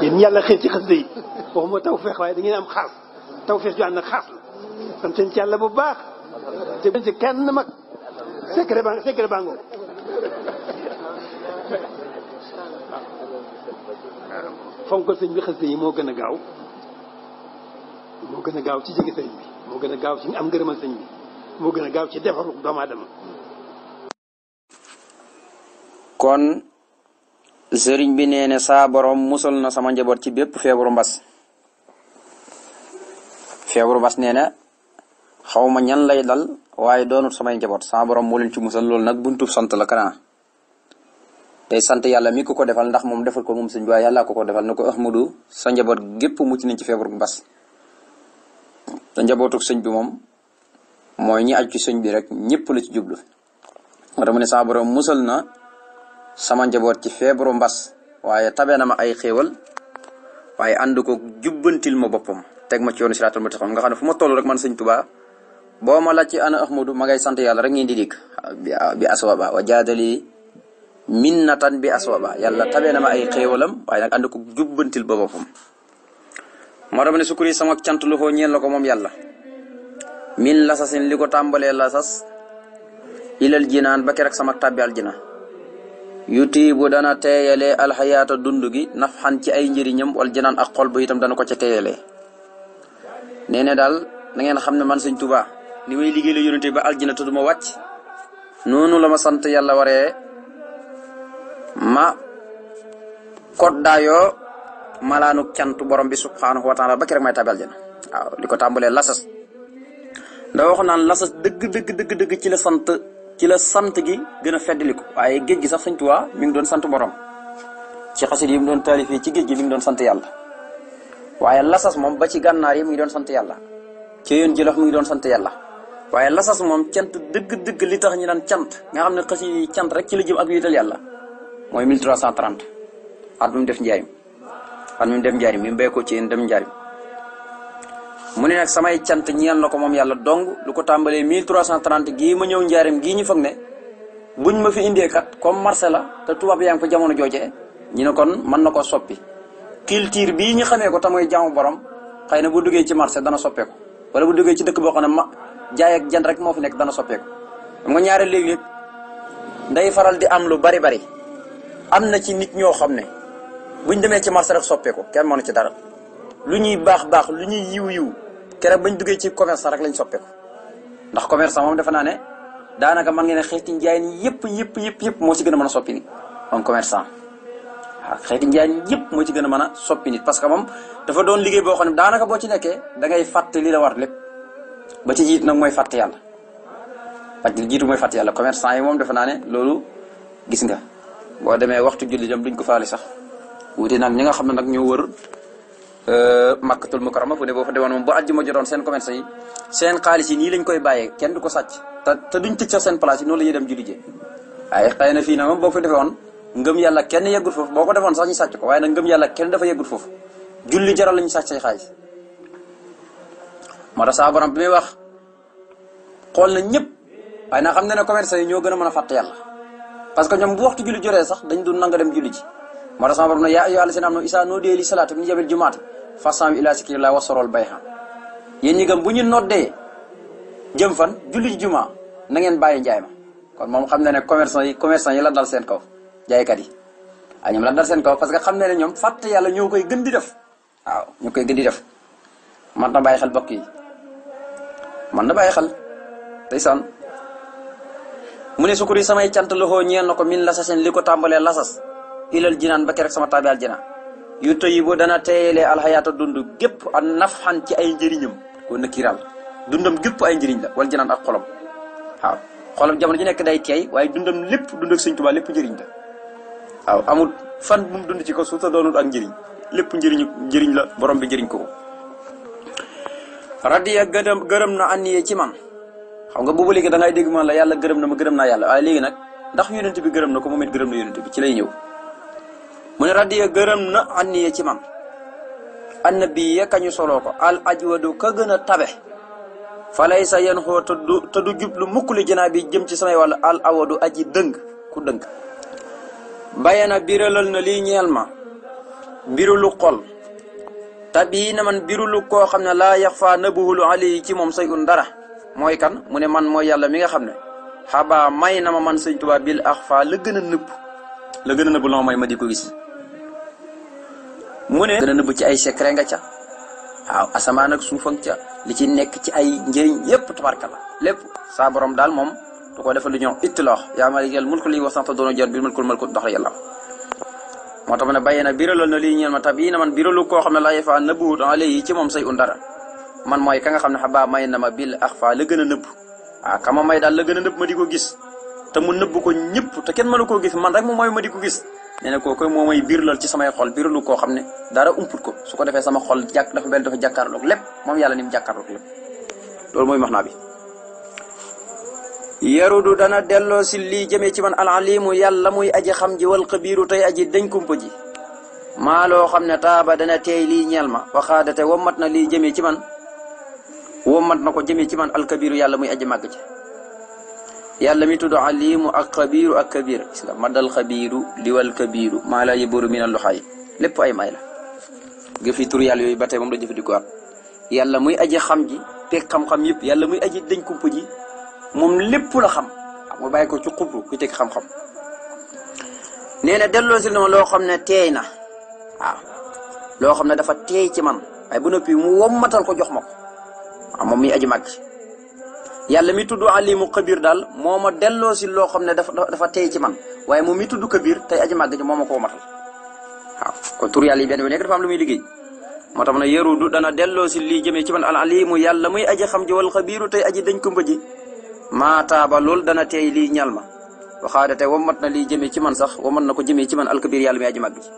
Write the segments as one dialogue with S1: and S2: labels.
S1: yéen yàlla xëy ci xasida yi waxuma tawfeex waaye da ngeen am xaas tawfeex ju ànd ak xaas la ci yàlla bu baax te ci kenn mag secret baa secret baa ngoo sëñ bi xasida yi moo gën a gaaw moo gën a gaaw ci jege sëñ bi moo gën a gaaw ci am ngërëmal sëñ bi moo gën a gaaw ci defaru doomu kon sëriñ bi nee ne saa borom musal na sama njaboot ci bépp feebaru mbas feebaru mbas nee na xaw ma ñan lay dal waaye doonut samay njaboot saa borom moo leen ci musal loolu nag buntu sant la kana tey sant yàlla mi ko ko defal ndax moom defal ko moom sëñ bi waaye yàlla ko ko defal na ko ahmadu sa njaboot gépp mucc nañ ci feebaru mbas sa njabootuk sëñ bi moom mooy ñi aju ci sëñ bi rek ñëpp la ci jublu moo tax mu ne saa borom musal na sama njaboot ci feebaru mbas waaye tabee na ma ay xéewal waaye ànd ko jubbantil ma boppam teg ma ci yoonu siraatul mustaqim nga xam ne fu ma toll rek man sëñ Tuubaa boo ma laaj ci ana Ahmadu ma sant yàlla rek ngeen di dikk bi aswaba wa bi aswaba yàlla tabee na ma ay xéewalam waaye nag ànd ko jubbantil ba boppam moo dama ne sukkur sama cant lu xoo ñeel la ko moom yàlla min lasasin li ko tàmbalee lasas ilal jinaan ba ke rek sama tàbbi aljina yutiibu dana teeyalee alxayaata dund gi xan ci ay njëriñam wal janaan ak xol bu itam dana ko ca teeyalee nee ne daal na xam ne man sëñ Tuubaa ni may liggéey la yonente ba aljina te duma wàcc noonu la ma sant yàlla waree ma koddaayoo malaanu cant borom bi subhaanahu wa ba ki rek may tabi aljana waaw li ko tàmbalee lasas nda wax naan dëgg dëgg dëgg ci la sant ci la sant gi gën a ko waaye géej gi sax Sëñ Tuubaa mu ngi doon sant borom ci xasit yi mu doon taalif ci géej gi mi ngi doon sant yàlla waaye lasas moom ba ci gànnaar yi mi ngi doon sant yàlla ci yoon jëlox mi ngi doon sant yàlla waaye lasas moom cant dëgg-dëgg li tax ñi daan cant nga xam ne xasit yi cant rek ci la jëm ak wéetal yàlla mooy 1330 at mi mu def njaarim at mi mu def njaarim mu béy ko ci yéen dem njaarim mu ne nag samay cant ñeel na ko moom yàlla dong lu ko tàmbalee 1330 gii ma ñëw njaarim gii ñu foog ne bu ñu ma fi indee kat comme marché la te tubaab yaa ngi ko jamono jooje ñu ne kon mën na koo soppi culture bii ñu xamee ko te muy jaamu borom xëy na bu duggee ci marché dana soppeeku wala bu duggee ci dëkk boo xam ne ma jaay ak rek moo fi nekk dana soppeeku xam nga ñaare léeg-léeg day faral di am lu bari bari am na ci nit ñoo xam ne buñ demee ci marché rek soppeeku kenn mënu ci dara. lu ñuy baax baax lu ñuy yiw yiw keroog bañ duggee ci commerce rek lañ soppee ndax commerce moom defe naa ne daanaka man ngeen ne xeeti njaay ni yëpp yëpp yëpp yëpp moo ci gën a mën a soppi nit moom commerçant waaw xeeti njaay moo ci gën a mën a soppi parce que moom dafa doon liggéey boo xam ne daanaka boo ci nekkee da ngay fàtte la war lépp ba ci jiit nag mooy fàtte yàlla parce que jiitu mooy fàtte yàlla commerçant yi moom defe ne loolu gis nga boo demee waxtu julli dem duñ ko faale sax wuute nag ñi nga xam ne nag ñoo wër Euh, makkatul mukarama fu ne boo fa demoon moom bu àjjuma jotoon seen commerçant yi seen koy bàyyee kenn du ko sàcc te te duñ tëj sax seen place yi noonu la ñuy dem ji waaye xëy na fii nag moom boo fa defewoon ngëm yàlla kenn yeggul foofu boo ko defoon sax ñu sàcc ko waaye nag ngëm yàlla kenn dafa yeggul foofu julli jaral lañu sàcc say xaalis moo tax saa borom bi muy wax xool na ñëpp waaye nag xam na ne yi ñoo gën a mën a fàtte yàlla parce que ñoom bu waxtu julli joree sax dañ du nanga dem julli ji moo tax sama borom ne yaa ayyuhaa llaziina aamanuu izaa nuudiya lis-salaati min yawmil fasaam ila sikrillah bay bayha yéen ñi gëm bu ñu noddee jëm fan julli juma na ngeen bàyyi njaay ma kon moom xam na ne commerçant yi commerçant yi la dal seen kaw jaaykat yi a ah, ñoom la dal seen kaw parce que xam na ne ñoom fàtte yàlla ñoo koy gën di def waaw ñu koy gën di def man na bàyyi xel bokk yi man na bàyyi xel ndeysaan mu ne sukuri samay cant loxoo ñeel na ko min lasaseen li ko tàmbalee lasas ilal jinaan ba ke rek sama taabi aljana yu toyibu dana teyelee alxayaata dund gépp a ak nafxan ci ay njëriñam ko nakkiral dundam gépp ay njëriñ la wala janaan ak xolam waaw xolam jamono ji nekk day key waaye dundam lépp dund ak sëñ Tuubaa lépp njëriñ la amul fan bu dund ci ko suuf ta doonul ak njëriñ lépp njëriñu njëriñ la borom bi njëriñ ko radiya gërëm gërëm na anniyee ci man xam nga boobu léegi da ngay dégg man la yàlla gërëm na ma gërëm naa yàlla waaye léegi nag ndax yonent bi gërëm na ko moom it gërëm na yonent bi ci lay ñëw mu ne radiya gërëm na anniya ci man annabiya kañu soloo ko al ajwadu ka gën a tabe falay sa yen xoo te du te du mukk li jinaa bi jëm ci samay wàll al awadu aji dëng ku dëng bayana biralal na lii ñeel ma mbiru lu xol tabii na man mbiru lu koo xam ne laa yax faa nabuhulu ali ci moom say un dara mooy kan mu ne man mooy yàlla mi nga xam ne xabaa may na ma man sëñ Tuubaa ax faa la gën a nëbb la gën a nëbb loo may ma di ko gis mu ne. gën a nëbb ci ay secret nga ca waaw asamaan ak ca li ci nekk ci ay njëriñ yépp tabarka la lépp saa borom daal moom da koo defal lu ñuy wax itlaax yaa maalikal mulki li wasanta doona jor bi mulkul mulku dox la yàlla moo tax ma ne bàyyi na na lii ñeel ma tab yii na man biralu koo xam ne laa yefaa nëbbuwut man mooy ka nga xam ne xabaa may na ma bil axfa la gën a nëbb waaw ah, ka ma may daal la gën a nëbb ma di ko gis te mu nëbb ko ñëpp te kenn mënu koo gis man rek moom mooy ma di ko gis nee na kooku moo may biirlal ci samay xol biirlu koo xam ne dara umput ko su ko defee sama xol jàkk dafa benn dafa jàkkaarloog lépp moom yàlla ni mu jàkkaarloog lépp loolu mooy max na bi yarudu dana delloo si lii jëmee ci man alalimu yàlla muy aji xam ji wal xabiiru tey aji dañ kumpa ji loo xam ne taaba dana teey lii ñeel ma waxaadate mat na lii jëmee ci man woo wammat na ko jëmee ci man alkabiiru yàlla muy aji màgg ji yàlla mi tudd alimu ak xabiiru ak kabir gis nga madal xabiiru liwal kabiiru maa laa yëbooru lépp ay may la nga yooyu ba tey moom la jëfandikoo at yàlla muy aji xam ji teg xam-xam yëpp yàlla muy aji dañ kumpa ji moom lépp la xam mu bàyyi ko ci xubru ku teg xam-xam nee na delloo si ma loo xam ne teey na loo xam ne dafa teey ci man waaye bu noppi mu wommatal ko jox ma ko moom muy aji màgg yàlla mi tudd alimu kabir daal moo ma delloo si loo xam ne dafa dafa tey ci man waaye moom mi tudd kabir tey aji màgg ci moo ma koo matal waaw kon tur yi benn bi nekk dafa am lu muy liggéey moo tax na yarudu dana delloo si lii jëmee ci man al alimu yàlla muy aji xam ji wal xabiru tey aji dañ ko mbëji maa taaba loolu dana tey lii ñal ma waxaada tey wamat na lii jëmee ci man sax wamat na ko jëmee ci man alkabir yàlla muy aji màgg ji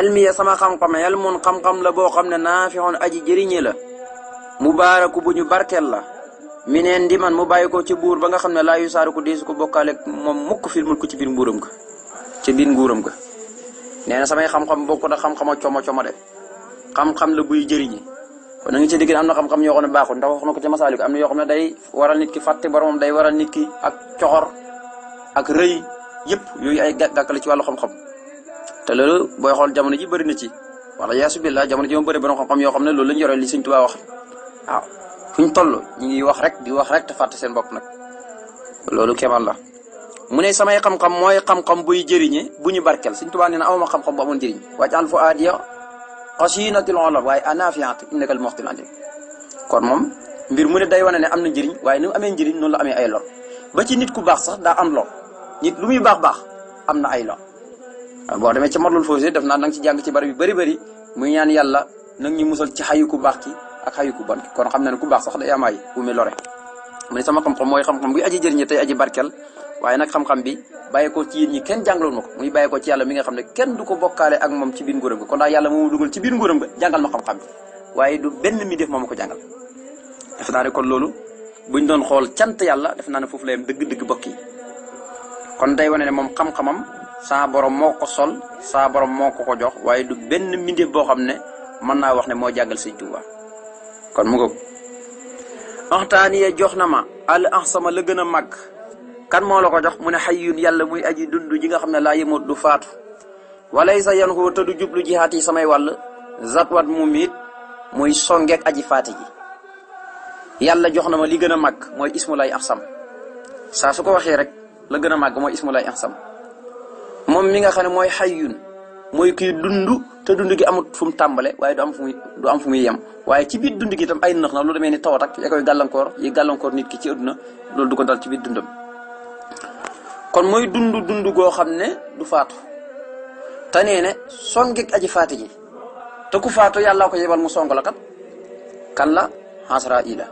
S1: elmiya sama xam-xam elmun xam-xam la boo xam ne naafixoon aji jëriñe la mubaaraku bu ñu barkeel la mi neen di man mu bàyyi ko ci buur ba nga xam ne laa yu saaru ko deesu ko bokkaale moom mukk fil mul ko ci biir nguuram ga ci biir nguuram ga nee na samay xam-xam bokku na xam-xama coma coma de xam-xam la buy jëriñi kon na nga ci digg am na xam-xam yoo xam ne baaxul ndax wax na ko ci masaaliku am na yoo xam ne day waral nit ki fàtte boromam day waral nit ki ak coxor ak rëy yëpp yooyu ay gàkk la ci wàllu xam-xam te loolu booy xool jamono ji bëri na ci wala yaasu billah jamono ji moom bëri borom xam-xam yoo xam ne loolu lañ yore li Sëñ Tuubaa wax waaw fu ñu toll ñu ngi wax rek di wax rek te fàtte seen bopp nag loolu kemal la mu ne samay xam-xam mooy xam-xam buy jëriñe bu ñu barkel Sëñ Tuubaa nee na awma xam-xam bu amoon jëriñ waj'al fu'aadiya qasiinatil ulab waaye anaafiat innaka al muxtil kon moom mbir mu ne day wane ne am na njëriñ waaye ni amee njëriñ noonu la amee ay ba ci nit ku baax sax daa am lor nit lu muy baax baax am na ay lor boo demee ci Matlabul Fawzayni def naa nang ci jàng ci bari yu bëri bëri muy ñaan yàlla nag ñu musal ci xayu ku baax ki ak xayu ku bon kon xam na ne ku baax sax day am ay umi lore mu ne sama xam-xam mooy xam-xam buy aji jëriñe tey aji barkel waaye nag xam-xam bi bàyyi ko ci yéen ñi kenn jàngaloon ma ko muy bàyyi ko ci yàlla mi nga xam ne kenn du ko bokkaale ak moom ci biir nguuram ga kon daal yàlla moom dugal ci xam waaye du benn mi def moo ko jàngal def naa ne kon loolu buñ doon xool cant yàlla def naa ne foofu la yem dëgg-dëgg bokk yi kon day wane ne moom xam-xamam saa borom moo ko sol saa borom moo ko ko jox waaye du benn mbindeef boo xam ne mën naa wax ne moo jàngal sëñ kon mu ko axtaaniya jox na ma al axsama la gën a màgg kan moo la ko jox mu ne xayyun yàlla muy aji dund ji nga xam ne laa yemut du faatu walay sa yan ko te jublu jihaat yi samay wàll zatwat mu miit muy songeek aji faati yàlla jox na ma li gën a màgg mooy ismu lay axsam saa su ko waxee rek la gën a màgg mooy ismu lay axsam moom mi nga xam ne mooy xayyun mooy kii dund te dund gi amut fu mu tàmbale waaye du am fu muy du fu muy yem waaye ci biir dund gi ay nax na lu demee ni tawat ak ya koy gàllankoor yi gàllankoor nit ki ci àdduna loolu du ko dal ci biir dundam kon mooy dund dund goo xam ne du faatu te nee ne son geeg aji faati ji te ku ko yebal mu song la kat kan la xasra ila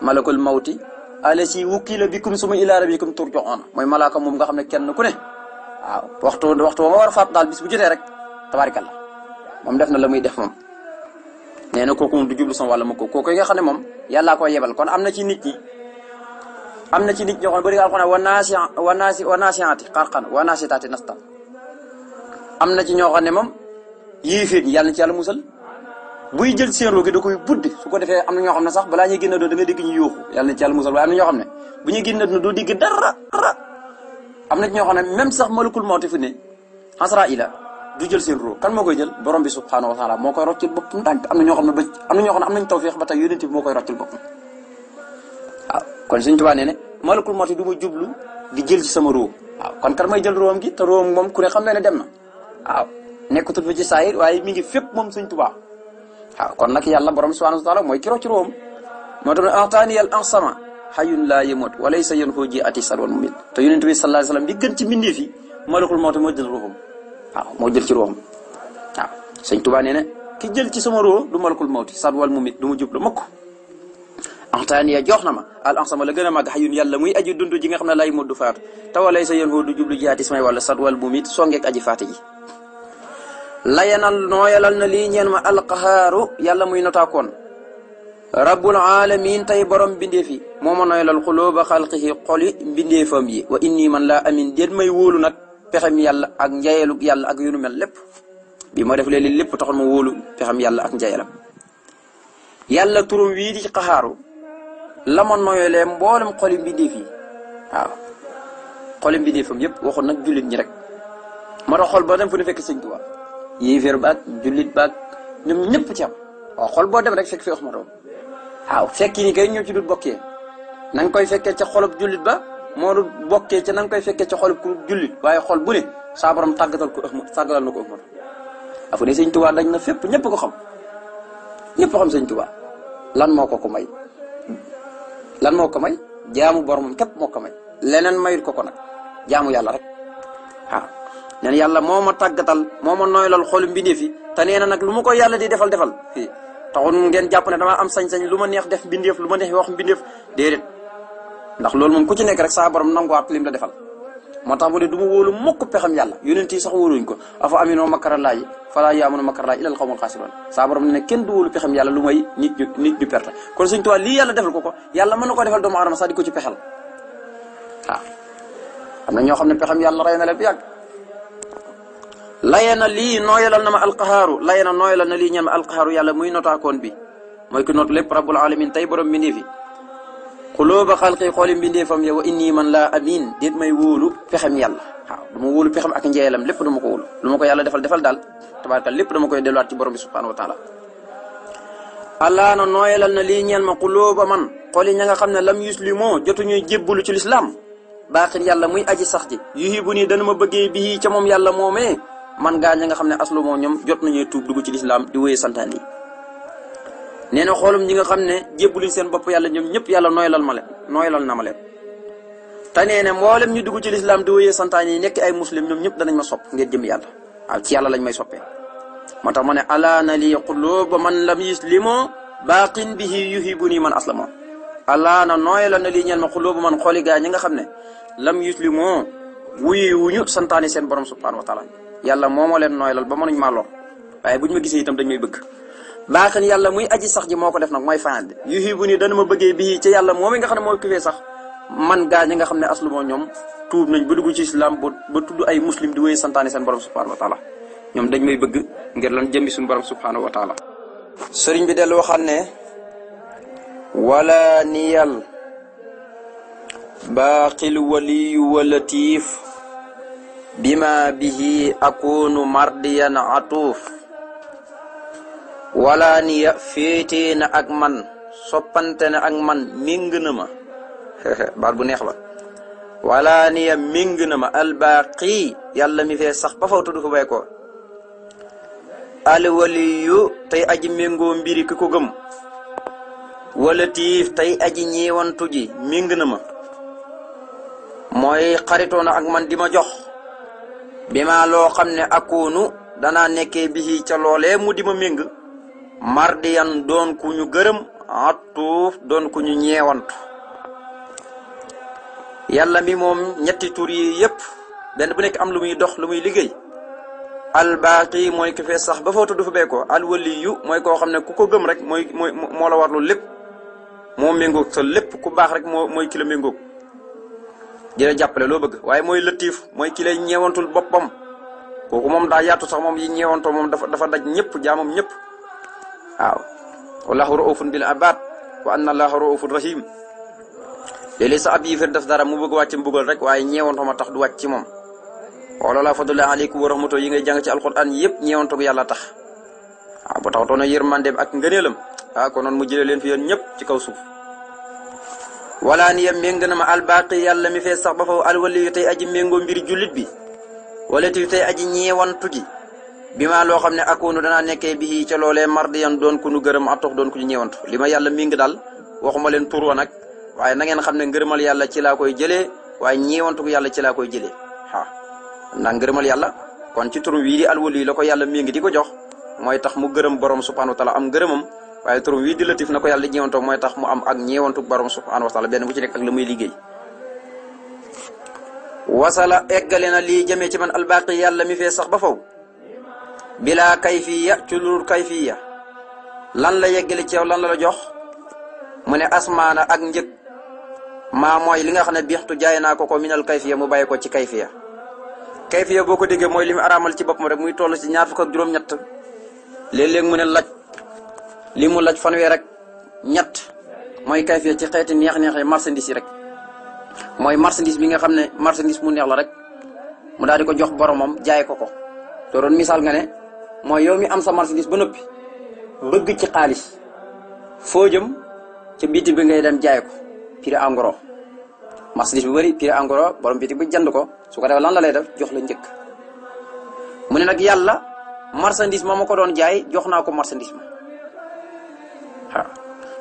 S1: malakul mawti alasi wukkila bikum suma ila rabbikum turjoona mooy malaaka moom nga xam ne kenn ku ne waaw waxtu waxtu ba ma war a faatu daal bis bu jotee rek tabaarikàlla moom def na la muy def moom nee na kooku moom du jublu sama wàlla ma ko kooku yi nga xam ne moom yàllaa koo yebal kon am na ci nit ñi am na ci nit ñoo xam ne bëri nga xam ne wa naasi wa naasi wa naasiaati xarqan am na ci ñoo xam ne moom yéeféet ñi yàlla na ci yàlla musal buy jël seen roogi da koy buddi su ko defee am na ñoo xam ne sax balaa ñuy génn doon da nga dégg ñu yuuxu yàlla na ci musal waaye am na ñoo xam ne bu ñuy génn doon doo dégg dara am na ci ñoo xam ne même sax malakul mawti fi ne xasra ila du jël seen ruu kan moo koy jël borom bi subhanahu wa taala moo koy roccil bopp ndànk am na ñoo am na ñoo xam ne am kon Sëñ Tuubaa nee ne malakul mawti du ma jublu di jël ci sama ruu waaw kon kan may jël ruwam gi te ruwam moom ku xam na ne dem na waaw nekkatul fi ci saayir waaye mi ngi fépp moom Sëñ Tuubaa waaw kon nag yàlla borom subhanahu wa taala mooy ki rocc ruwam moo tax ne ataaniyal ansama xayun laa yemut walay sa yoon xooji ati salwan mumin te yonent bi sallallahu alayhi wasallam bi gën ci mbindeef yi malakul mawt moo jël ruuxam ci ruuxam waaw sëñ Tuubaa nee na ki jël ci sama ruux du malakul mawti salwal mumit du na ma al ansama la gën a màgg xayun yàlla muy aji dund ji nga xam ne lay moddu faatu tawalay sa yoon xoo du jublu jiyaati samay wàlla satwal mumit songeeg aji faati ji layanal nooyalal na lii ñeen ma alqahaaru yàlla muy notaakoon rabbul alamin tey borom bindeef yi moo ma noy lal xulóoba xalqihi xoli mbindeefam yi wa inni man la amin déet may wóolu nag pexem yàlla ak njayeelu yàlla ak yunu mel lépp bi ma def léeg-léeg lépp taxul ma wóolu pexem yàlla ak njayeelam yàlla turum wii di ci xaxaaru la ma noyolee yi waaw mbindeefam yëpp waxoon nag jullit ñi rek ma tax xol boo dem fu ne fekk sëñ Tuubaa yéeféer baag jullit baag ñoom ñëpp ci am waaw boo dem rek fekk fi aw fekki ni kay ñoo ci dul bokkee na nga koy fekkee ca xolub jullit ba moo dul bokkee ca na koy fekkee ca xolub ku jullit waaye xol bu ne saa borom tàggatal ko ëxma tàggatal na ko ëxmatu afu ne sëñ tubaa dañ na fépp ñëpp ko xam ñëpp xam sëñ tubaa lan moo ko ko may lan moo ko may jaamu boromam képp moo ko may leneen mayut ko ko nag jaamu yàlla rek waaw nen yàlla moo ma tàggatal moo ma nooylal xolu mbindeef yi te nee nag lu ma ko yàlla de defal defal fii taxul ngeen jàpp ne dama am sañ-sañ lu ma neex def mbindeef lu ma neex wax mbindeef déedéet ndax lool moom ku ci nekk rek saa borom nanguwaat lim la defal moo tax mu ne du ma wóolu mukk pexam yàlla yonent yi sax wóoluñ ko afa aminoo makarallaahi falaa yaamanu makarallaahi ilal xawmal xaasiroon saa borom ne kenn du wóolu yàlla lu may nit ñu ñu perte kon Sëñ Tuubaa lii yàlla ko ko yàlla mën na ko defal doomu aadama sax di ko ci pexal waaw am na ñoo xam ne pexam yàlla rey na na lii nooyalal na ma alqahaaru layana nooyalal na lii ñeen ma alqahaaru yàlla muy notaakoon bi mooy ki noot lépp rabbul alamin tey borom mbindee fi xulóoba xalqi xooli mbindee fam yow wa inni man laa amin déet may woolu pexem yàlla waaw du ma wóolu pexem ak njeelam lépp du ma ko wóolu lu ko yàlla defal defal daal tabaraka lépp dama koy delluwaat ci borom bi subhanahu wa taala allah na nooyalal na lii ñeen ma xulóoba man xooli ña xam ne lam yuslimoo jotuñuy jébbalu ci lislaam baaxin yàlla muy sax ji yuhibu nii ma bëggee bii ca moom yàlla moomee man gaa ña nga xam ne aslu moom ñoom jot nañuy tuub dugg ci lislaam di wéyee santaan yi nee na xoolum ñi nga xam ne jébbaluñ seen bopp yàlla ñoom ñëpp yàlla nooyalal ma leen nooyalal na ma leen te nee na ñu dugg ci lislaam di wéyee santaan yi nekk ay muslim ñoom ñëpp danañ ma sopp ngeen jëm yàlla waaw ci yàlla lañ may soppee moo tax ma ne alaa na lii quluuba man lam yuslimoo baaqin bu yuhibuni man aslamoo alaa na nooyalal na lii ñeel ma quluuba man xooli gaa ñi nga xam ne lam yuslimoo wuyu wuñu santaani seen borom subhanahu wa taala yàlla moomoo leen nooyalal ba mënuñ maa lor waaye buñ ma gisee tam dañ may bëgg baaxin yàlla muy aji sax ji moo ko def nag mooy faal bi yuhibu nii dana ma bëggee bii ci yàlla moom nga xam ne mooy kifee sax man gaa ñi nga xam ne aslu moo ñoom tuub nañ ba dugg ci islam ba tudd ay muslim di wéy santaane seen borom subhanahu wa taala ñoom dañ may bëgg ngir lan jëmbi suñu borom subhanahu wa taala sëriñ bi dellu waxaat ne wala niyal baaxil waliyu wa latif bima bihi akunu mardiyan atuuf wala niya féetee na ak man soppante na ak man méng na ma baat bu neex ba wala niya méng na ma albaqi yàlla mi fee sax ba faw tudd fa bay ko alwaliyu tey aji méngoo mbiri ki ko gëm wala tiif tey aji ñeewantu ji na ma mooy xaritoona ak man di ma jox bi loo xam ne akoonu dana nekke bi ca loolee mu di ma méng mardiyan doon ku ñu gërëm attuuf doon ku ñu ñeewantu yàlla mi moom ñetti tur yi yépp benn bu nekk am lu muy dox lu muy liggéey albaaqi mooy ki fee sax ba footu du fa bee ko alwaliyu mooy koo xam ne ku ko gëm rek mooy moo la warlu lépp moo méngoog sa lépp ku baax rek moo mooy ki la dina jàppale loo bëgg waaye mooy lëttiif mooy ki lay ñeewantul boppam kooku moom daa yaatu sax moom yi ñeewantoo moom dafa dafa daj ñëpp jaamam ñëpp waaw wallahu raufun bil abad wa anna allaha raufun rahim léeg-léeg sa ab yifir def dara mu bëgg wàcc mbugal rek waaye ñeewantoo ma tax du wàcc ci moom wala la fadula aleykum wa rahmatu yi ngay jàng ci alquran yëpp ñeewantoo ko yàlla tax waaw bu taxutoon a yërmandeem ak ngëneelam ah kon noonu mu jëlee leen fi yéen ñëpp ci kaw suuf wala niyam méng na ma albaaqi yàlla mi fee sax ba faw alwaliyu tey aji méngoo mbiri jullit bi wala tiyu tey aji ñeewantu ji bi maa loo xam ne akoonu danaa nekkee bii ca loolee yan doon ku nu gërëm atox doon ku ñu ñeewantu li ma yàlla méng daal waxuma leen tur wa nag waaye nangeen xam ne ngërëmal yàlla ci laa koy jële waaye ñeewantu ko yàlla ci laa koy jëlee ah ndax ngërëmal yàlla kon ci tur wii di alwaliyu la ko yàlla méng di ko jox mooy tax mu gërëm borom subhanahu wa taala am ngërëmam waaye turam wii di latif na ko yàlla ñeewantoo mooy tax mu am ak ñiwantu borom subhanahu wa taala benn bu ci nekk ak la muy liggéey wasala eggale na li jëmee ci man albaqi yàlla mi fee sax ba faw bilaa kayfiya ci lur kayfiya lan la yeggale ci yow lan la la jox mu ne asmaana ak njëg maa mooy li nga xam ne biixtu jaay naa ko ko minal kayfiya mu bàyyi ko ci kayfiya kayfiya boo ko déggee mooy li mu araamal ci boppam rek muy toll ci ñaar fukk ak juróom-ñett léeg-léeg mu li mu laaj fanweer ak ñett mooy kayfiya ci xeeti neex-neex yi marchandise rek mooy marchandise bi nga xam ne marchandise mu neex la rek mu daal di ko jox boromam jaay ko ko. te doon misaal nga ne mooy yow mi am sa marchandise ba noppi bëgg ci xaalis foo jëm ca biti bi ngay dem jaay ko prix en bu bëri prix en gros borom biti bi jënd ko su ko defee lan la lay def jox la njëkk mu ne nag yàlla marchandise moom ma ko doon jaay jox naa ko marchandise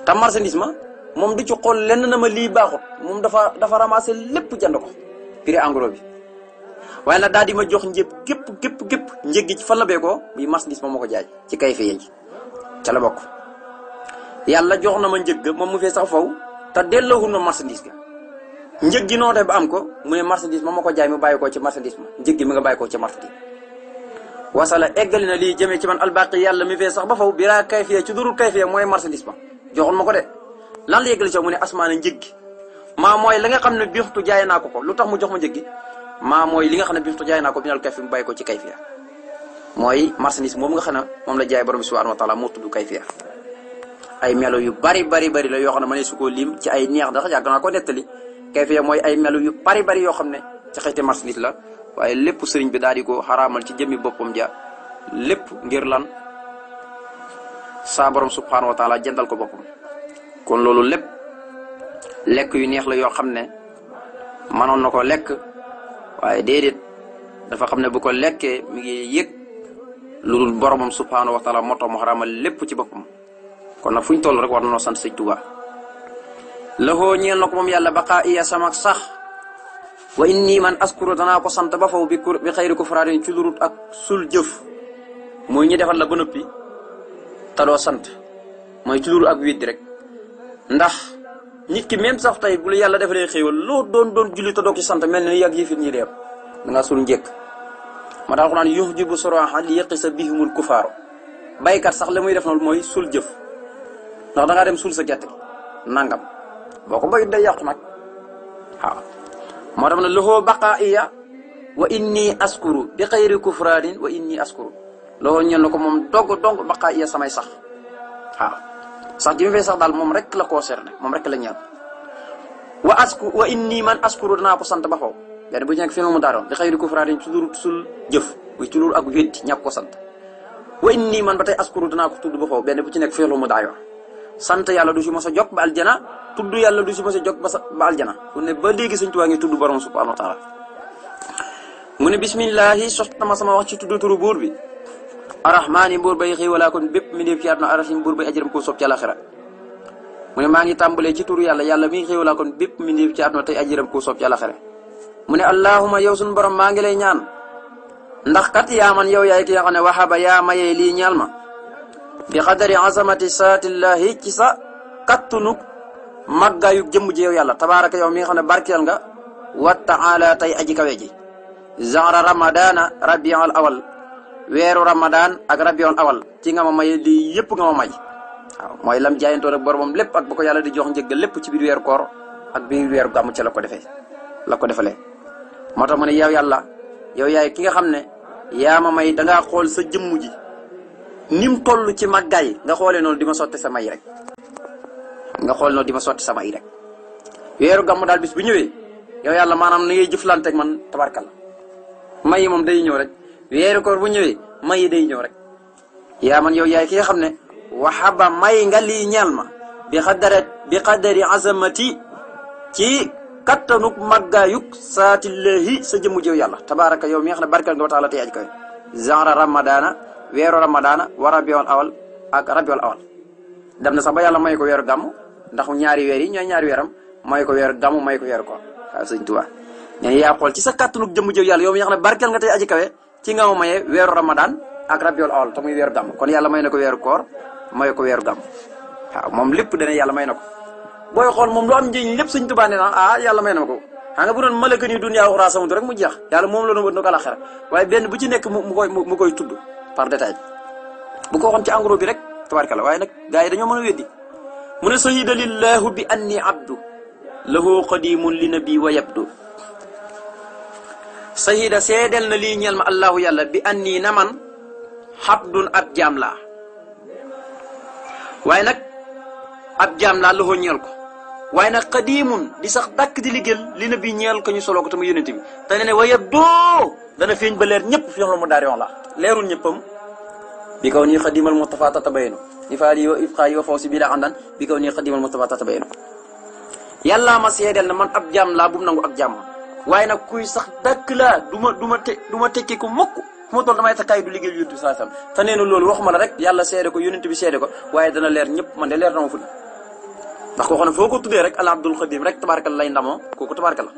S1: te marchandise ma moom du ci xool lenn na ma lii baaxut moom dafa dafa ramassé lépp jënd ko prix engrais bi waaye na daal di ma jox njëb képp képp képp njëg gi ci fan la beekoo muy moom moo ko jaay ci kay ca la bokk yàlla jox na ma njëg moom mu fee sax faw te delloowul ma marchandise ga njëg gi noo def ba am ko mu ne marchandise moo ko jaay mu bàyyi koo ci marchandise ma njëg gi mi nga bàyyi koo ci marchandise wasala eggali na lii jëmee ci man albaqi yàlla mi fee sax ba faw biraa kay fiyee ci durul kay fiyee mooy marchandise ma joxoon ma ko de lan la yëgale ci mu ne asmaana njëg gi maa mooy la nga xam ne bixtu jaay naa ko ko lu tax mu jox ma njëg maa mooy li nga xam ne bixtu jaay naa ko binal kayfi mu bàyyi ko ci kayfiya mooy marchandise moom nga xam ne moom la jaay borom bi subhanahu wa taala moo tudd kayfiya ay melo yu bari bari bari la yoo xam ne ma ne su ko lim ci ay neex ndax yàgg naa ko nettali kayfiya mooy ay melo yu bari bari yoo xam ne ci xëyte marchandise la waaye lépp sëriñ bi daal di xaraamal ci jëmmi boppam jaa lépp ngir lan saa borom subhaanahu wa taala ko boppam kon loolu lépp lekk yu neex la yoo xam ne mënoon na ko lekk waaye déedéet dafa xam ne bu ko lekkee mi ngi yëg lu dul boromam subhaanahu wa taala moo lépp ci boppam kon nag fu ñu toll rek war nañoo sant sëñ Tuubaa laxoo ñeel na ko moom yàlla baqaa iya samak sax wa inni man askuru danaa ko sant ba faw bi bi xayri ko faraarin ci lurut ak sul jëf mooy ñi defal la ba noppi te doo sant mooy ci ak witti rek ndax nit ki même sax tey bu la yàlla defalee xéewal loo doon doon julli te doo ci sant mel ne yàgg yëfit ñi dem da ngaa suul njëkk ma tax alxuraan yuhjibu suraaha li yaqisa bihimul kufaaro baykat sax la muy def noonu mooy suul jëf ndax da ngaa dem suul sa gerte gi nangam boo ko bayut day yàqu nag waaw moo tax ne loxoo baqaa iya wa inni askuru bi xayri kufraanin wa inni askuru loolu ñel na ko moom dogg dong baqaa iya samay sax waaw sax gi mu fay sax daal moom rek la concerné moom rek la ñeel wa asku wa inni man askuru danaa ko sant ba faw benn bu ci nekk fi mu daaroon xëy na kufraadin ci lur sul jëf muy ci lur ak weddi ñàkk ko sant wa inni man ba tey askuru danaa ko tudd ba benn bu ci nekk fi mu daaroon sant yàlla du si mos a jokk ba aljana tudd yàlla du si mos a jokk ba sa ba aljana mu ne ba léegi suñ tuwaa ngi tudd borom subhanahu wa taala mu ne bismillahi soxtama sama wax ci tudd turu buur bi arrahmaani mbuur bay xëy walaa kon bépp mbindeef ci àdduna arrahim mbuur bay ajaram koo soob ci mu ne maa ngi tàmbalee ci turu yàlla yàlla mi ngi xëy walaa kon bépp mbindeef ci àdduna tey ajaram koo soob ci mu ne allahuma yow suñu borom maa ngi lay ñaan ndax kat yaa man yow yaay ki nga xam ne waxaba yaa mayee lii ñaal ma bi xadari azamati saatillahi ci sa kattunug màggaayug jëmm ji yow yàlla tabaaraka yow mi nga xam ne barkeel nga wa taala tey aji kawe ji weeru Ramadan ak rabion awal ci nga ma may lii yëpp nga ma may mooy lam jaayantoon ak boromam lépp ak ba ko yàlla di jox njëgg lépp ci biir weeru koor ak biir weeru gàmm ci la ko defee la ko defalee. moo tax mu ne yow yàlla yow yaay ki nga xam ne yaa ma may dangaa xool sa jëmm ji ni mu toll ci màggaay nga xoolee noonu di ma sotti sa may rek nga xool noonu di ma sotti sa may rek weeru daal bis bu ñëwee yow yàlla maanaam na ngay jëflante ak man tabarkalla may moom day ñëw rek. weeru koor bu ñëwee may day ñëw rek yaa man yow yaay ki nga xam ne waxaba may nga li ñeel ma bi xadarat bi xadari azamati ci kattanuk màggaayuk saatillahi sa jëmu jëw yàlla tabaraka yow mi nga xam ne barkal nga wa taala tey aj koy genre ramadana weeru ramadana wa awal ak rabiul awal dem na sax ba yàlla may ko weeru gàmm ndax ñaari weer yi ñooy ñaari weeram may ko weeru gàmm may ko weeru koor kawe ci nga ma maye weeru Ramadan ak rabiul awal te weeru gàmm kon yàlla may na ko weeru koor may ko weeru gàmm moom lépp dana yàlla may na ko booy xool moom lu am njëriñ lépp Sëñ Tuubaa nee na ah yàlla may na ko xam nga bu doon malaka ni rek mu jeex yàlla moom la doon wër na waaye benn bu ci nekk mu koy mu koy tudd par détail bu ko waxoon ci engrais bi rek tabarkalla waaye nag gars yi dañoo mën a weddi mu ne sahida lillahu bi anni abdu lahu qadimun li na wa yabdu sahida seedeel na lii ñel ma allahu yàlla bi an nii na man xabdun ab jaam la waaye nag ab jaam laa loxoo ñeel ko waaye nag xadiimun di sax dàkk di liggéeyal li na bi ñeel ko ñu ko tama yonent bi ta ne ne waaye doo dana feeñ ba leer ñëpp fi yox la mu daar yoon la leeru ñëppam bi kaw nii xadiimal mustafa tatabayenu ifaali wa ibqaayi wa fawsi bi ma seedeel na man ab jaam laa bu mu nangu ak jaamam waaye nag kuy sax dàkk laa du ma du ma te du ma tekki ko mukk fu ma toll damay takkaay du liggéey yonent bi sallallahu alayhi wasallam te nee na loolu waxuma la rek yàlla seede ko yonent bi seede ko waaye dana leer ñëpp ma de leer na ma fut ndax koo xam ne foo ko tuddee rek al abdul xadim rek tabarakal lay ndamoo kooku tabarakal la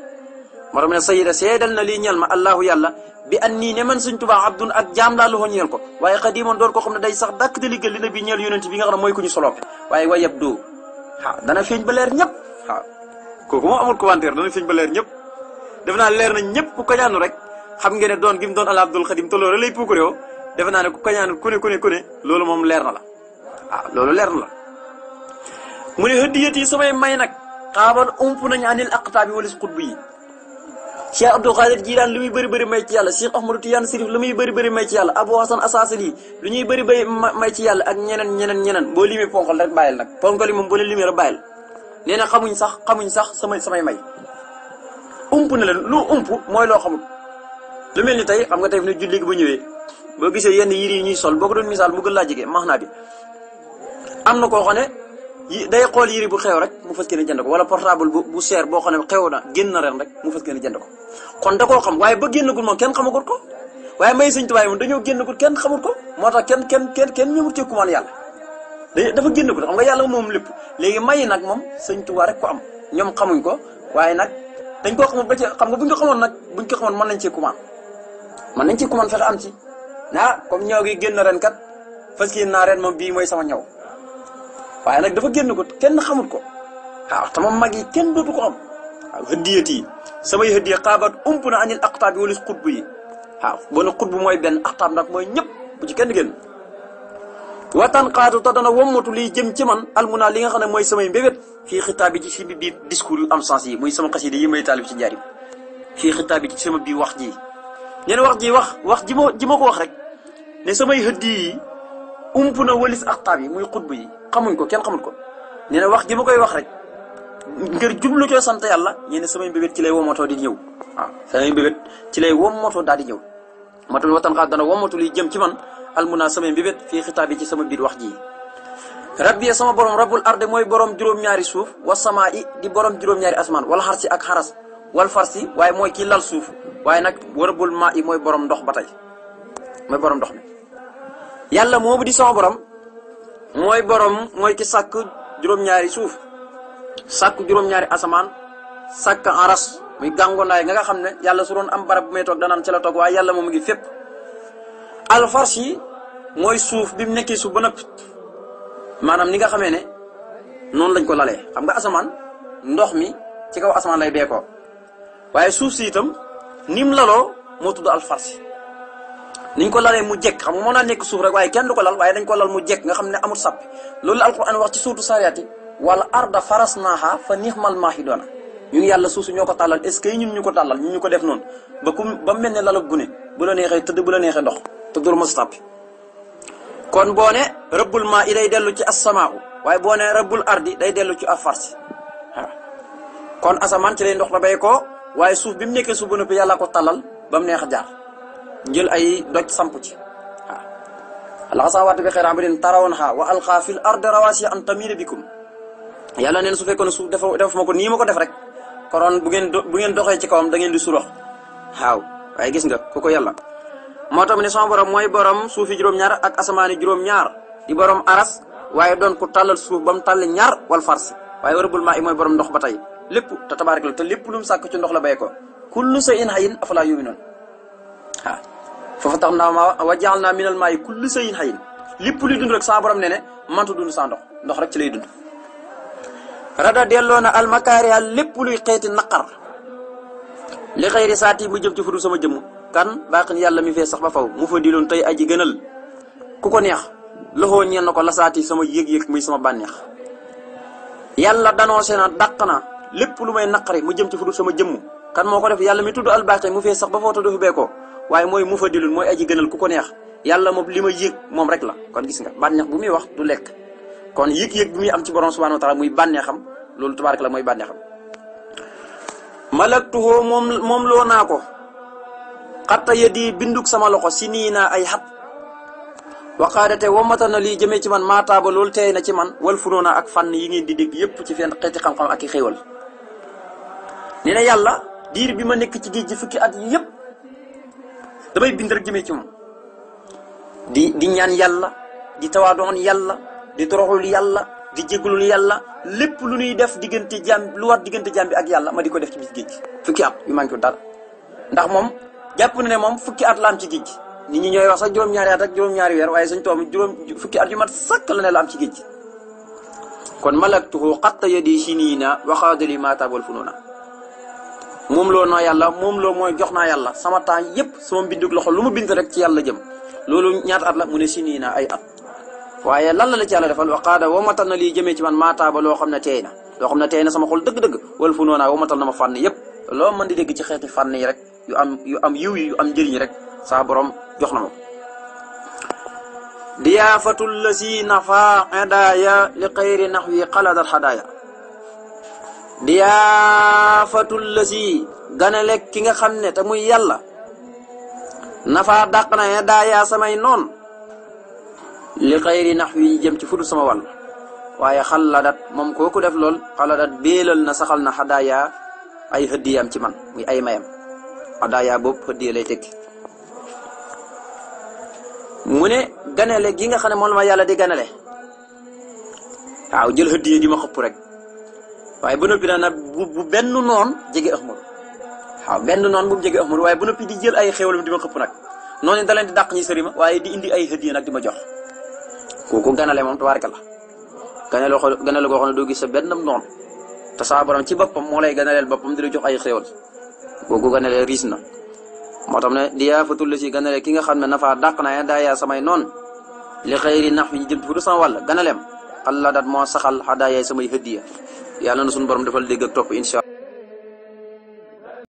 S1: moo tax mu ne sayida seedal na lii ñeel ma allahu yàlla bi an nii ne man suñ tubaa abdun ak jaam laa loxo ñeel ko waaye xadimoon doon koo xam ne day sax dakk di liggéey li na bi ñeel yonent bi nga xam ne mooy ku ñu soloope waaye wayab doo waaw dana feeñ ba leer ñëpp waaw kooku moom amul commentaire dana feeñ ba leer ñëpp def naa leer na ñëpp ku kañaanu rek xam ngeen ne doon gi mu doon al abdul xadim te loolu lay puukare yoo defe naa ne ku kañaanu ku ne ku ne ku ne loolu moom leer na la ah, loolu leer na la mu ne hëddiyat yi samay may nag xaaban ump nañu anil aqtaabi walis xutb yi cheikh abdul xaadir jiilaan lu muy bari bari may ci yàlla cheikh ahmadou tiyaan sirif lu muy bëri bëri may ci yàlla abou hasan asaasil lu ñuy bëri bëri may ci yàlla ak ñeneen ñeneen ñeneen boo limee ponkal rek bàyyil nag ponkal yi moom boo leen limee rek bàyyil nee na xamuñ sax xamuñ sax samay samay may ump na leen lu ump mooy loo xamul lu mel ni tey xam nga tey fi ne julli gi bu ñëwee boo gisee yenn yiri yi ñuy sol boo ko doon misaal mu gën laa jege max naa bi am na koo xam ne day xool yiri bu xew rek mu fas keneen jënd ko wala portable bu bu seer boo xam ne xew na génn na ren rek mu fas keneen jënd ko kon da koo xam waaye ba génnagul moom kenn xamagul ko waaye may sëñ tubaay moom dañoo génnagul kenn xamul ko moo tax kenn kenn kenn kenn ñëwut ci kumaan yàlla da dafa génnagul xam nga yàlla moom lépp léegi may nag moom sëñ rek ko am ñoom xamuñ ko dañ koo xamul ba ci xam nga bu ko xamoon nag buñ ko xamoon mën nañ cee commande man nañ cee commande fexe am ci ah comme ñaw gi génn ren kat fas yéene naa ren moom bii mooy sama ñaw waaye nag dafa génn ko kenn xamut ko waaw te mag yi kenn dootu ko am waaw hëddiyat yi samay hëddiya xaabaat ump na anil aqtaab yi wala xutbu yi waaw boo ne mooy benn aqtaab nag mooy ñëpp bu ci kenn génn waxtaan xaatu te dana wommatu liy jëm ci man almunaa li nga xam ne mooy samay mbébét fii xitaab yi ci si biir discours yu am sens yi muy sama xasida may taalib ci njaarim fii xitaab yi ci sama biir wax ji neen wax ji wax wax ji ma ji ma ko wax rek ne samay hëddi yi ump na walis axtaab yi muy xutb yi xamuñ ko kenn xamul ko nee na wax ji ma koy wax rek ngir jublu coo sant yàlla ñee ne samay mbébét ci lay womatoo di ñëw waaw samay mbébét ci lay womatoo daal di ñëw ma tamit waxtaan xaar dana womatu luy jëm ci man almunaa samay mbébét fii xitaab yi ci sama biir wax ji rabbi sama borom rabbul arde mooy borom juróom-ñaari suuf wa samaa i di borom juróom-ñaari asmaan wala xarsi ak xaras wal farsi waaye mooy kii lal suuf waaye nag warbul maa i mooy borom ndox ba tey mooy borom ndox mi. yàlla moomu di sama borom mooy borom mooy ki sàkk juróom-ñaari suuf sàkk juróom-ñaari asamaan sàkk aras muy gàngonaay nga nga xam ne yàlla su doon am barab bu may toog danaan ci la toog waaye yàlla moom ngi fépp. alfarsi mooy suuf bi mu nekkee suuf ba noppi maanaam ni nga xamee ne noonu lañ ko lalee xam nga asamaan ndox mi ci kaw asamaan lay beekoo waaye suuf si itam nim laloo moo tudd alfarsi niñ ko lalee mu jekk xam nga moo naa nekk suuf rek waaye kenn ko lal waaye dañ ko lal mu jekk nga xam ne amul sàppi loolu la alquran wax ci suuratu sariyaat yi wala arda faras naaxa fa nixmal maahidoona ñun yàlla suuf si ñoo ko tàllal est ce que ñun ñu ko tàllal ñun ñu ko def noonu ba ku ba mel ne lala gune bu la neexee tëdd bu la neexee ndox te dul ma sàppi kon boo ne rabbul maa i day dellu ci asamaau waaye boo ne rabbul ardi day dellu ci afarsi waaw kon asamaan ci lay ndox la bay ko waaye suuf bi mu nekkee suuf ba noppi yàlla ko talal ba mu neex jaar jël ay doj samp ci waaw alaxasawaatu bi xeyran ba den tarawoon xaa wa alxaa fil ardi rawaasi an tamida bikum yàlla neen su fekkoon suuf dafa def ma ko nii ma ko def rek konoon bu ngeen bu ngeen doxee ci kawam da ngeen di surox xaaw waaye gis nga ku ko yàlla moo tax mu ne sama borom mooy borom suufi juróom-ñaar ak asamaani juróom-ñaar di borom aras waaye doon ku tàllal suuf ba mu tàll ñaar wal farsi waaye warabul maa mooy borom ndox ba tey lépp te tabaaraka la te lépp sàkk ci ndox la béy ko kullu shay'in hayyin afalaa yu'minuun waaw foofu tax ma wa ja'alnaa minal maa'i kullu lépp luy dund rek saa borom ne ne mënta dund saa ndox ndox rek ci lay dund rada delloo na almakaariha lépp luy xeeti naqar li xëyri saati mu ci fudul sama jëmm kan baaxin yàlla mi fee sax ba faw mu fa diloon tey aji gënal ku ko neex loxoo ñeen na ko lasaati sama yëg-yëg muy sama bànneex yàlla danoose na dàq na lépp lu may naqari mu jëm ci fu dul sama jëmm kan moo ko def yàlla mi tudd albaaxi mu fee sax ba faw te du fi ko waaye mooy mu fa diloon mooy aji gënal ku ko neex yàlla moom li ma yëg moom rek la kon gis nga bànneex bu muy wax du lekk kon yëg-yëg bi muy am ci borom subhanahu wa taala muy bànneexam loolu tabaaraka la mooy bànneexam xatta di binduk sama loxo si nii naa ay xat waxaadate wamata na lii jëmee ci man maataaba loolu teey na ci man wal funoona ak fànn yi ngeen di dégg yépp ci fenn xeeti xam-xam ak i yàlla diir bi ma nekk ci géej gi fukki at yi yépp damay bind rek jëmee ci moom di ñaan yàlla di tawaadoon yàlla di toroxul yàlla di jégalul yàlla lépp lu ñuy def diggante jaam lu war diggante jaam bi ak yàlla ma di ko def ci bis géej gi fukki at yu manqué dara ndax moom jàpp na ne moom fukki at la am ci géej gi ñi ñooy wax sax juróom-ñaari at ak juróom-ñaari weer waaye suñ toom juróom fukki at yu mat sàkk la ne la am ci géej gi kon malaktuhu qatta yadi siniina waxaadali maatabal funuuna moom loo naa yàlla moom loo mooy jox naa yàlla sama temps yépp sama mbindug loxo lu ma bind rek ci yàlla jëm loolu ñaata at la mu ne siniina ay at waaye lan la la ci yàlla defal waqaada womatal na lii jëmee ci man maataaba loo xam ne teey na loo xam ne teey na sama xol dëgg-dëgg wal funuuna womatal na ma fànn yépp loo mën di dégg ci xeeti fànn yi rek yu am yu am yiw yu am njëriñ rek saa borom jox na ma ko diyaafatul la si nafa xadaaya li xayri nax wi xaladat xadaaya diyaafatul la si ganale ki nga xam ne te muy yàlla nafa dàq na xadaaya samay noon li xayri nax wi jëm ci fudu sama wàll waaye xaladat moom kooku def lool xaladat béelal na saxal na xadaaya ay hëddiyaam ci man muy ay mayam adaaya boobu xëddiye lay tekki mu ne ganale gi nga xam ne moom la ma yàlla di ganale waaw jël xëddiye di ma xëpp rek waaye ba noppi daana bu benn noon jege Ahmadu waaw benn noon bu mu jege Ahmadu ba noppi di jël ay xéwalam di ma xëpp nag noonu da leen di dàq ñi sëri waaye di indi ay xëddiye di ma jox kooku ganale moom tabaaraka la ganale ganale goo xam ne doo gis sa benn noon te saa borom ci boppam moo lay ganaleel boppam di la jox ay xéwal googu ganale riis na moo tax ne di fa tull si ganale ki nga xam ne nafa dàq naa daa yaa samay noon li xëyri nax yi jëm fu du sama wàll ganaleem allah daat moo saxal xadaa yaay samay hëddiya yàlla na suñu borom defal dégg ak topp incha